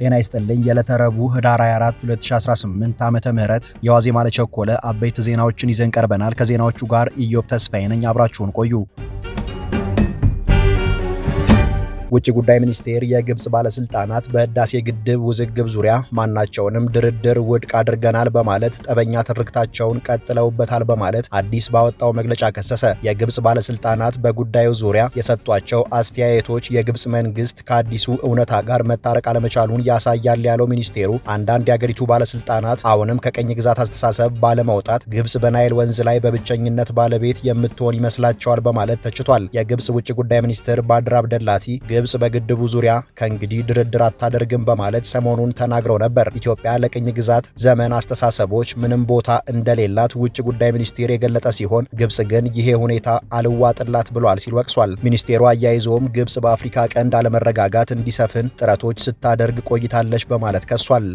ጤና ይስጥልኝ። የዕለተ ረቡዕ ህዳር 24 2018 ዓመተ ምህረት የዋዜማ ለቸኮለ አበይት ዜናዎችን ይዘን ቀርበናል። ከዜናዎቹ ጋር ኢዮብ ተስፋዬ ነኝ። አብራችሁን ቆዩ። ውጭ ጉዳይ ሚኒስቴር የግብጽ ባለስልጣናት በህዳሴ ግድብ ውዝግብ ዙሪያ ማናቸውንም ድርድር ውድቅ አድርገናል በማለት ጠበኛ ትርክታቸውን ቀጥለውበታል በማለት አዲስ ባወጣው መግለጫ ከሰሰ። የግብጽ ባለስልጣናት በጉዳዩ ዙሪያ የሰጧቸው አስተያየቶች የግብጽ መንግስት ከአዲሱ እውነታ ጋር መታረቅ አለመቻሉን ያሳያል ያለው ሚኒስቴሩ አንዳንድ የአገሪቱ ባለስልጣናት አሁንም ከቀኝ ግዛት አስተሳሰብ ባለመውጣት ግብጽ በናይል ወንዝ ላይ በብቸኝነት ባለቤት የምትሆን ይመስላቸዋል በማለት ተችቷል። የግብጽ ውጭ ጉዳይ ሚኒስትር ባድር አብደላቲ ግብጽ በግድቡ ዙሪያ ከእንግዲህ ድርድር አታደርግም በማለት ሰሞኑን ተናግረው ነበር። ኢትዮጵያ ለቅኝ ግዛት ዘመን አስተሳሰቦች ምንም ቦታ እንደሌላት ውጭ ጉዳይ ሚኒስቴር የገለጠ ሲሆን ግብጽ ግን ይሄ ሁኔታ አልዋጥላት ብሏል ሲል ወቅሷል። ሚኒስቴሩ አያይዞም ግብጽ በአፍሪካ ቀንድ አለመረጋጋት እንዲሰፍን ጥረቶች ስታደርግ ቆይታለች በማለት ከሷል።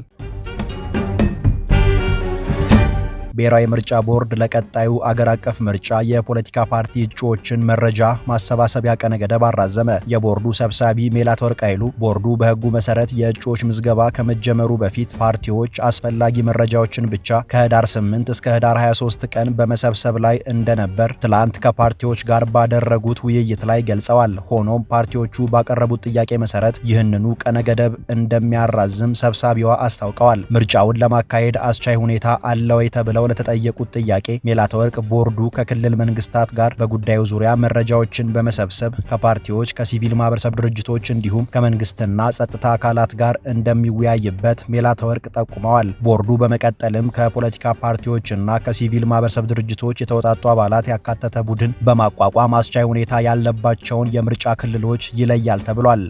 ብሔራዊ ምርጫ ቦርድ ለቀጣዩ አገር አቀፍ ምርጫ የፖለቲካ ፓርቲ እጩዎችን መረጃ ማሰባሰቢያ ቀነ ገደብ አራዘመ። የቦርዱ ሰብሳቢ ሜላትወርቅ ኃይሉ ቦርዱ በህጉ መሰረት የእጩዎች ምዝገባ ከመጀመሩ በፊት ፓርቲዎች አስፈላጊ መረጃዎችን ብቻ ከህዳር 8 እስከ ህዳር 23 ቀን በመሰብሰብ ላይ እንደነበር ትላንት ከፓርቲዎች ጋር ባደረጉት ውይይት ላይ ገልጸዋል። ሆኖም ፓርቲዎቹ ባቀረቡት ጥያቄ መሰረት ይህንኑ ቀነ ገደብ እንደሚያራዝም ሰብሳቢዋ አስታውቀዋል። ምርጫውን ለማካሄድ አስቻይ ሁኔታ አለ ወይ ተብለው ለተጠየቁት ጥያቄ ሜላተወርቅ ቦርዱ ከክልል መንግስታት ጋር በጉዳዩ ዙሪያ መረጃዎችን በመሰብሰብ ከፓርቲዎች፣ ከሲቪል ማህበረሰብ ድርጅቶች እንዲሁም ከመንግስትና ጸጥታ አካላት ጋር እንደሚወያይበት ሜላተወርቅ ጠቁመዋል። ቦርዱ በመቀጠልም ከፖለቲካ ፓርቲዎችና ከሲቪል ማህበረሰብ ድርጅቶች የተወጣጡ አባላት ያካተተ ቡድን በማቋቋም አስቻይ ሁኔታ ያለባቸውን የምርጫ ክልሎች ይለያል ተብሏል።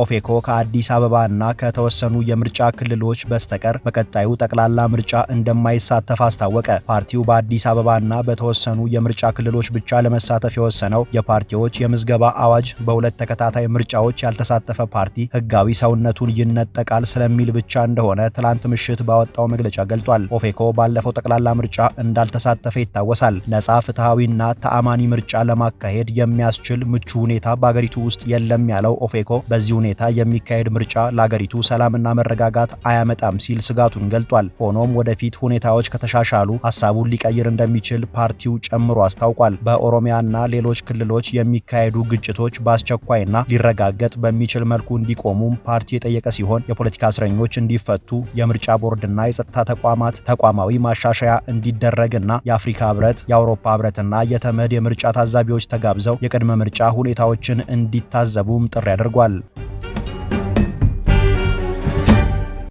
ኦፌኮ ከአዲስ አበባና ከተወሰኑ የምርጫ ክልሎች በስተቀር በቀጣዩ ጠቅላላ ምርጫ እንደማይሳተፍ አስታወቀ። ፓርቲው በአዲስ አበባና በተወሰኑ የምርጫ ክልሎች ብቻ ለመሳተፍ የወሰነው የፓርቲዎች የምዝገባ አዋጅ በሁለት ተከታታይ ምርጫዎች ያልተሳተፈ ፓርቲ ህጋዊ ሰውነቱን ይነጠቃል ስለሚል ብቻ እንደሆነ ትላንት ምሽት ባወጣው መግለጫ ገልጧል። ኦፌኮ ባለፈው ጠቅላላ ምርጫ እንዳልተሳተፈ ይታወሳል። ነጻ ፍትሐዊና ተአማኒ ምርጫ ለማካሄድ የሚያስችል ምቹ ሁኔታ በአገሪቱ ውስጥ የለም ያለው ኦፌኮ በዚሁ ሁኔታ የሚካሄድ ምርጫ ለአገሪቱ ሰላምና መረጋጋት አያመጣም ሲል ስጋቱን ገልጧል። ሆኖም ወደፊት ሁኔታዎች ከተሻሻሉ ሀሳቡን ሊቀይር እንደሚችል ፓርቲው ጨምሮ አስታውቋል። በኦሮሚያና ሌሎች ክልሎች የሚካሄዱ ግጭቶች በአስቸኳይና ሊረጋገጥ በሚችል መልኩ እንዲቆሙም ፓርቲው የጠየቀ ሲሆን የፖለቲካ እስረኞች እንዲፈቱ የምርጫ ቦርድና የጸጥታ ተቋማት ተቋማዊ ማሻሻያ እንዲደረግና የአፍሪካ ህብረት፣ የአውሮፓ ህብረትና የተመድ የምርጫ ታዛቢዎች ተጋብዘው የቅድመ ምርጫ ሁኔታዎችን እንዲታዘቡም ጥሪ አድርጓል።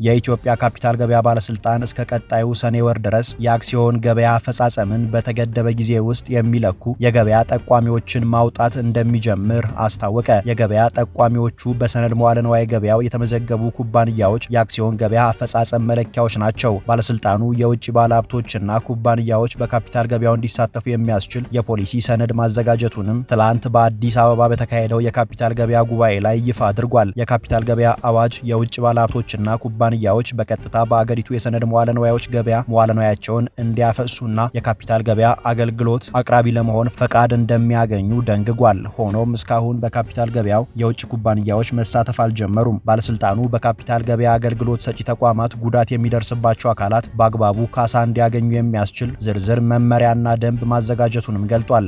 የኢትዮጵያ ካፒታል ገበያ ባለስልጣን እስከ ቀጣዩ ሰኔ ወር ድረስ የአክሲዮን ገበያ አፈጻጸምን በተገደበ ጊዜ ውስጥ የሚለኩ የገበያ ጠቋሚዎችን ማውጣት እንደሚጀምር አስታወቀ። የገበያ ጠቋሚዎቹ በሰነድ መዋለ ንዋይ ገበያው የተመዘገቡ ኩባንያዎች የአክሲዮን ገበያ አፈጻጸም መለኪያዎች ናቸው። ባለስልጣኑ የውጭ ባለሀብቶችና ኩባንያዎች በካፒታል ገበያው እንዲሳተፉ የሚያስችል የፖሊሲ ሰነድ ማዘጋጀቱንም ትላንት በአዲስ አበባ በተካሄደው የካፒታል ገበያ ጉባኤ ላይ ይፋ አድርጓል። የካፒታል ገበያ አዋጅ የውጭ ባለሀብቶችና ኩባ ኩባንያዎች በቀጥታ በአገሪቱ የሰነድ መዋለ ንዋዮች ገበያ መዋለ ንዋያቸውን እንዲያፈሱና የካፒታል ገበያ አገልግሎት አቅራቢ ለመሆን ፈቃድ እንደሚያገኙ ደንግጓል። ሆኖም እስካሁን በካፒታል ገበያው የውጭ ኩባንያዎች መሳተፍ አልጀመሩም። ባለስልጣኑ በካፒታል ገበያ አገልግሎት ሰጪ ተቋማት ጉዳት የሚደርስባቸው አካላት በአግባቡ ካሳ እንዲያገኙ የሚያስችል ዝርዝር መመሪያና ደንብ ማዘጋጀቱንም ገልጧል።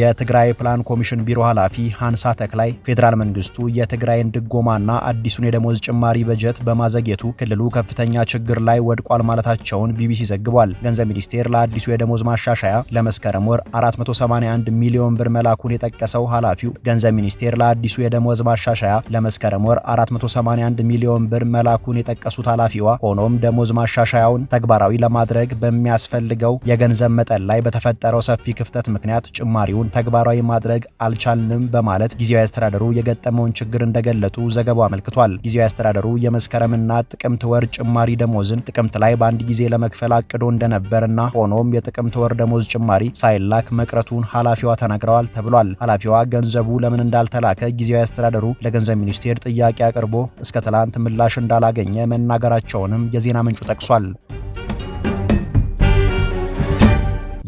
የትግራይ ፕላን ኮሚሽን ቢሮ ኃላፊ ሀንሳ ተክላይ ፌዴራል መንግስቱ የትግራይን ድጎማና አዲሱን የደሞዝ ጭማሪ በጀት በማዘግየቱ ክልሉ ከፍተኛ ችግር ላይ ወድቋል ማለታቸውን ቢቢሲ ዘግቧል። ገንዘብ ሚኒስቴር ለአዲሱ የደሞዝ ማሻሻያ ለመስከረም ወር 481 ሚሊዮን ብር መላኩን የጠቀሰው ኃላፊው ገንዘብ ሚኒስቴር ለአዲሱ የደሞዝ ማሻሻያ ለመስከረም ወር 481 ሚሊዮን ብር መላኩን የጠቀሱት ኃላፊዋ ሆኖም ደሞዝ ማሻሻያውን ተግባራዊ ለማድረግ በሚያስፈልገው የገንዘብ መጠን ላይ በተፈጠረው ሰፊ ክፍተት ምክንያት ጭማሪው ጥሪውን ተግባራዊ ማድረግ አልቻልንም በማለት ጊዜያዊ አስተዳደሩ የገጠመውን ችግር እንደገለጡ ዘገባው አመልክቷል። ጊዜያዊ አስተዳደሩ የመስከረምና ጥቅምት ወር ጭማሪ ደሞዝን ጥቅምት ላይ በአንድ ጊዜ ለመክፈል አቅዶ እንደነበርና ሆኖም የጥቅምት ወር ደሞዝ ጭማሪ ሳይላክ መቅረቱን ኃላፊዋ ተናግረዋል ተብሏል። ኃላፊዋ ገንዘቡ ለምን እንዳልተላከ ጊዜያዊ አስተዳደሩ ለገንዘብ ሚኒስቴር ጥያቄ አቅርቦ እስከ ትላንት ምላሽ እንዳላገኘ መናገራቸውንም የዜና ምንጩ ጠቅሷል።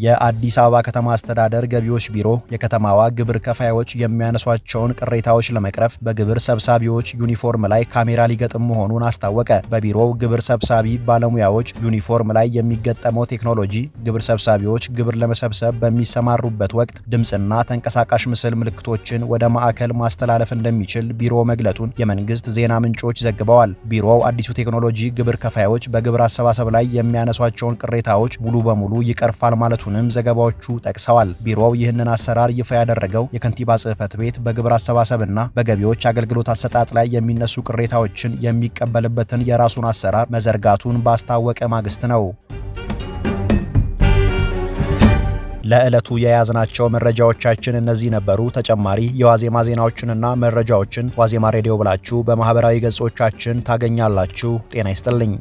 የአዲስ አበባ ከተማ አስተዳደር ገቢዎች ቢሮ የከተማዋ ግብር ከፋዮች የሚያነሷቸውን ቅሬታዎች ለመቅረፍ በግብር ሰብሳቢዎች ዩኒፎርም ላይ ካሜራ ሊገጥም መሆኑን አስታወቀ። በቢሮው ግብር ሰብሳቢ ባለሙያዎች ዩኒፎርም ላይ የሚገጠመው ቴክኖሎጂ ግብር ሰብሳቢዎች ግብር ለመሰብሰብ በሚሰማሩበት ወቅት ድምፅና ተንቀሳቃሽ ምስል ምልክቶችን ወደ ማዕከል ማስተላለፍ እንደሚችል ቢሮ መግለጡን የመንግስት ዜና ምንጮች ዘግበዋል። ቢሮው አዲሱ ቴክኖሎጂ ግብር ከፋዮች በግብር አሰባሰብ ላይ የሚያነሷቸውን ቅሬታዎች ሙሉ በሙሉ ይቀርፋል ማለቱ መሰጠቱንም ዘገባዎቹ ጠቅሰዋል። ቢሮው ይህንን አሰራር ይፋ ያደረገው የከንቲባ ጽህፈት ቤት በግብር አሰባሰብና በገቢዎች አገልግሎት አሰጣጥ ላይ የሚነሱ ቅሬታዎችን የሚቀበልበትን የራሱን አሰራር መዘርጋቱን ባስታወቀ ማግስት ነው። ለዕለቱ የያዝናቸው መረጃዎቻችን እነዚህ ነበሩ። ተጨማሪ የዋዜማ ዜናዎችንና መረጃዎችን ዋዜማ ሬዲዮ ብላችሁ በማህበራዊ ገጾቻችን ታገኛላችሁ። ጤና ይስጥልኝ።